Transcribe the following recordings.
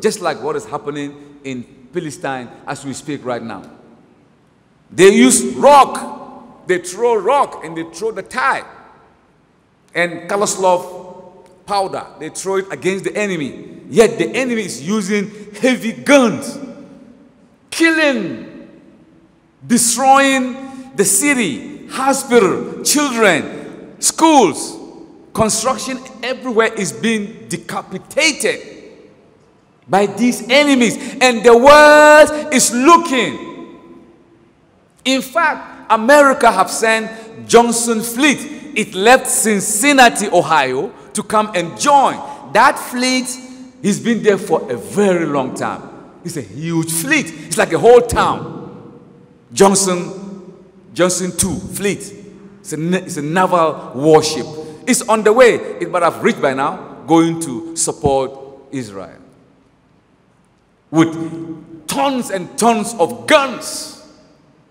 just like what is happening in Palestine as we speak right now. They use rock, they throw rock and they throw the tire and Kalaslov powder, they throw it against the enemy. Yet the enemy is using heavy guns, killing, destroying the city, hospital, children, schools, construction everywhere is being decapitated by these enemies. And the world is looking. In fact, America have sent Johnson Fleet. It left Cincinnati, Ohio to come and join. That fleet has been there for a very long time. It's a huge fleet. It's like a whole town. Johnson, Johnson 2 fleet. It's a, it's a naval warship. It's on the way. It might have reached by now, going to support Israel with tons and tons of guns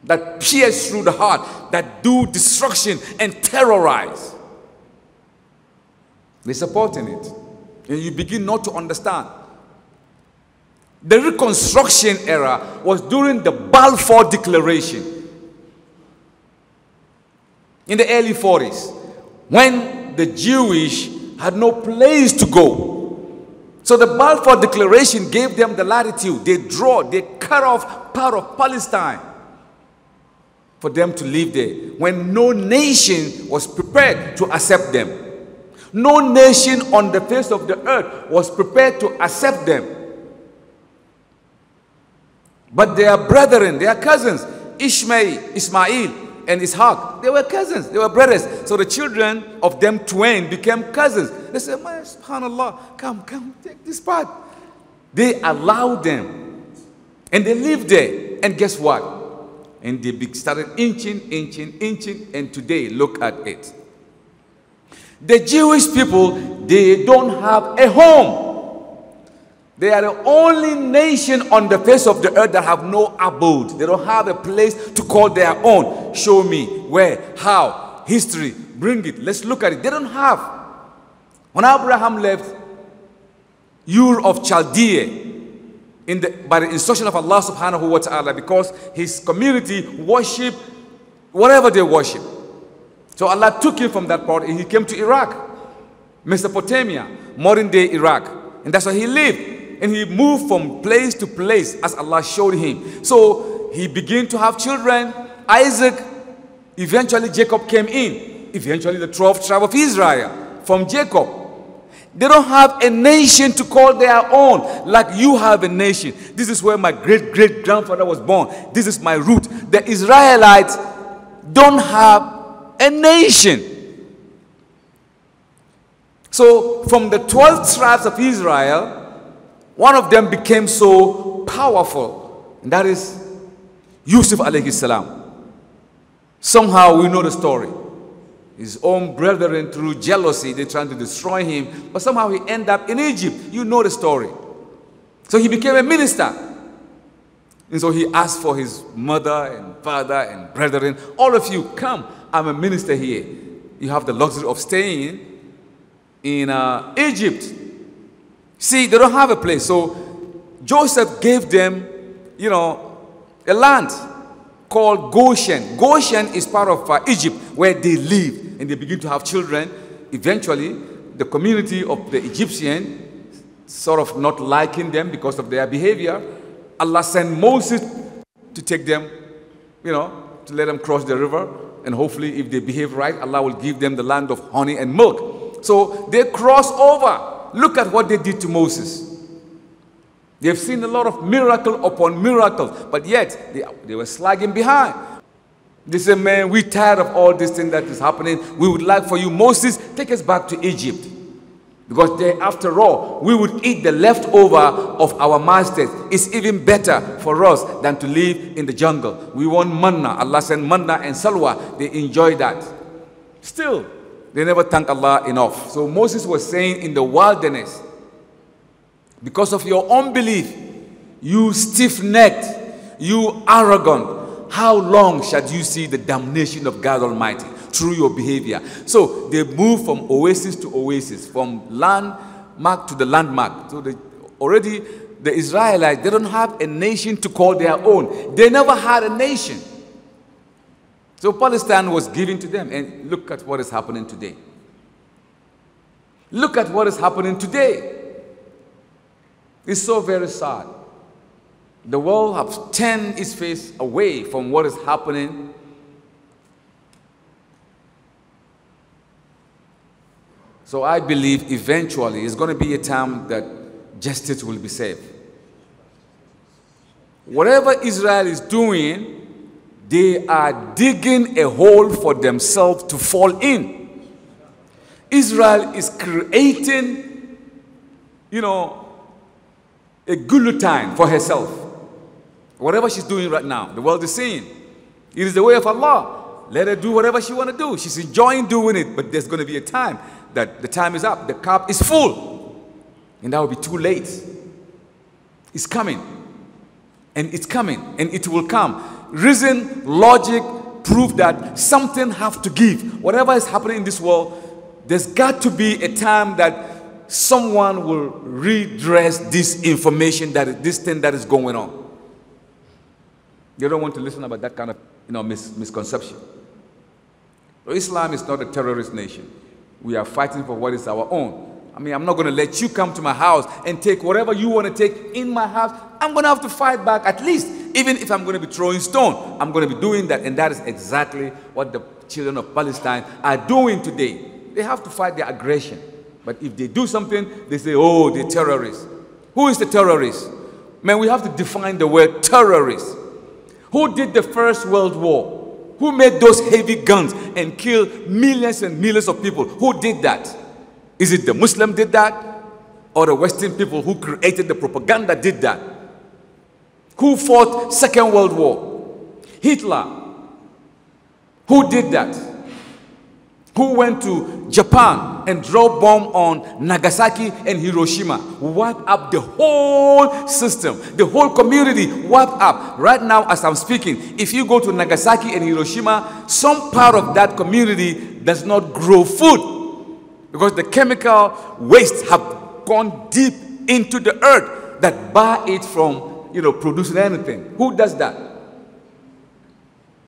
that pierce through the heart, that do destruction and terrorize. They're supporting it. And you begin not to understand. The Reconstruction era was during the Balfour Declaration in the early 40s when the Jewish had no place to go so the Balfour Declaration gave them the latitude. They draw, they cut off part of Palestine for them to live there when no nation was prepared to accept them. No nation on the face of the earth was prepared to accept them. But their brethren, their cousins, Ishmael, Ismail, and Ishaq, they were cousins, they were brothers. So the children of them twain became cousins. They said, Man, subhanAllah, come, come, take this part. They allowed them. And they lived there. And guess what? And they started inching, inching, inching. And today, look at it. The Jewish people, they don't have a home. They are the only nation on the face of the earth that have no abode. They don't have a place to call their own. Show me where, how, history, bring it. Let's look at it. They don't have. When Abraham left Ur of Chaldea, in the, by the instruction of Allah subhanahu wa ta'ala because his community worship whatever they worship. So Allah took him from that part and he came to Iraq, Mesopotamia, modern day Iraq. And that's where he lived. And he moved from place to place as Allah showed him. So he began to have children. Isaac, eventually Jacob came in. Eventually the 12 tribe of Israel from Jacob. They don't have a nation to call their own like you have a nation. This is where my great great grandfather was born. This is my root. The Israelites don't have a nation. So, from the 12 tribes of Israel, one of them became so powerful, and that is Yusuf alayhi salam. Somehow we know the story his own brethren through jealousy. They trying to destroy him, but somehow he ended up in Egypt. You know the story. So he became a minister. And so he asked for his mother and father and brethren, all of you, come. I'm a minister here. You have the luxury of staying in uh, Egypt. See, they don't have a place. So Joseph gave them, you know, a land called Goshen. Goshen is part of uh, Egypt where they lived and they begin to have children, eventually the community of the Egyptian sort of not liking them because of their behavior, Allah sent Moses to take them, you know, to let them cross the river. And hopefully, if they behave right, Allah will give them the land of honey and milk. So they cross over. Look at what they did to Moses. They've seen a lot of miracle upon miracle, but yet they, they were slagging behind. They said, man, we're tired of all this thing that is happening. We would like for you, Moses, take us back to Egypt. Because there, after all, we would eat the leftover of our masters. It's even better for us than to live in the jungle. We want manna. Allah sent manna and salwa. They enjoy that. Still, they never thank Allah enough. So Moses was saying in the wilderness, because of your unbelief, you stiff-necked, you arrogant, how long shall you see the damnation of God Almighty through your behavior? So they move from oasis to oasis, from landmark to the landmark. So they, already the Israelites, they don't have a nation to call their own. They never had a nation. So Palestine was given to them. And look at what is happening today. Look at what is happening today. It's so very sad. The world has turned its face away from what is happening. So I believe eventually it's going to be a time that justice will be served. Whatever Israel is doing, they are digging a hole for themselves to fall in. Israel is creating, you know, a guillotine for herself. Whatever she's doing right now, the world is seeing. It is the way of Allah. Let her do whatever she want to do. She's enjoying doing it, but there's going to be a time that the time is up. The cup is full. And that will be too late. It's coming. And it's coming. And it will come. Reason, logic, prove that something have to give. Whatever is happening in this world, there's got to be a time that someone will redress this information that this thing that is going on. They don't want to listen about that kind of you know, mis misconception. So Islam is not a terrorist nation. We are fighting for what is our own. I mean, I'm not going to let you come to my house and take whatever you want to take in my house. I'm going to have to fight back at least, even if I'm going to be throwing stone. I'm going to be doing that. And that is exactly what the children of Palestine are doing today. They have to fight their aggression. But if they do something, they say, oh, they're terrorists. Who is the terrorist? Man, we have to define the word terrorist. Who did the First World War? Who made those heavy guns and killed millions and millions of people? Who did that? Is it the Muslim did that? Or the Western people who created the propaganda did that? Who fought Second World War? Hitler. Who did that? Who went to Japan and drop bomb on Nagasaki and Hiroshima. Wipe up the whole system, the whole community wipe up. Right now, as I'm speaking, if you go to Nagasaki and Hiroshima, some part of that community does not grow food because the chemical waste have gone deep into the earth that bar it from you know producing anything. Who does that?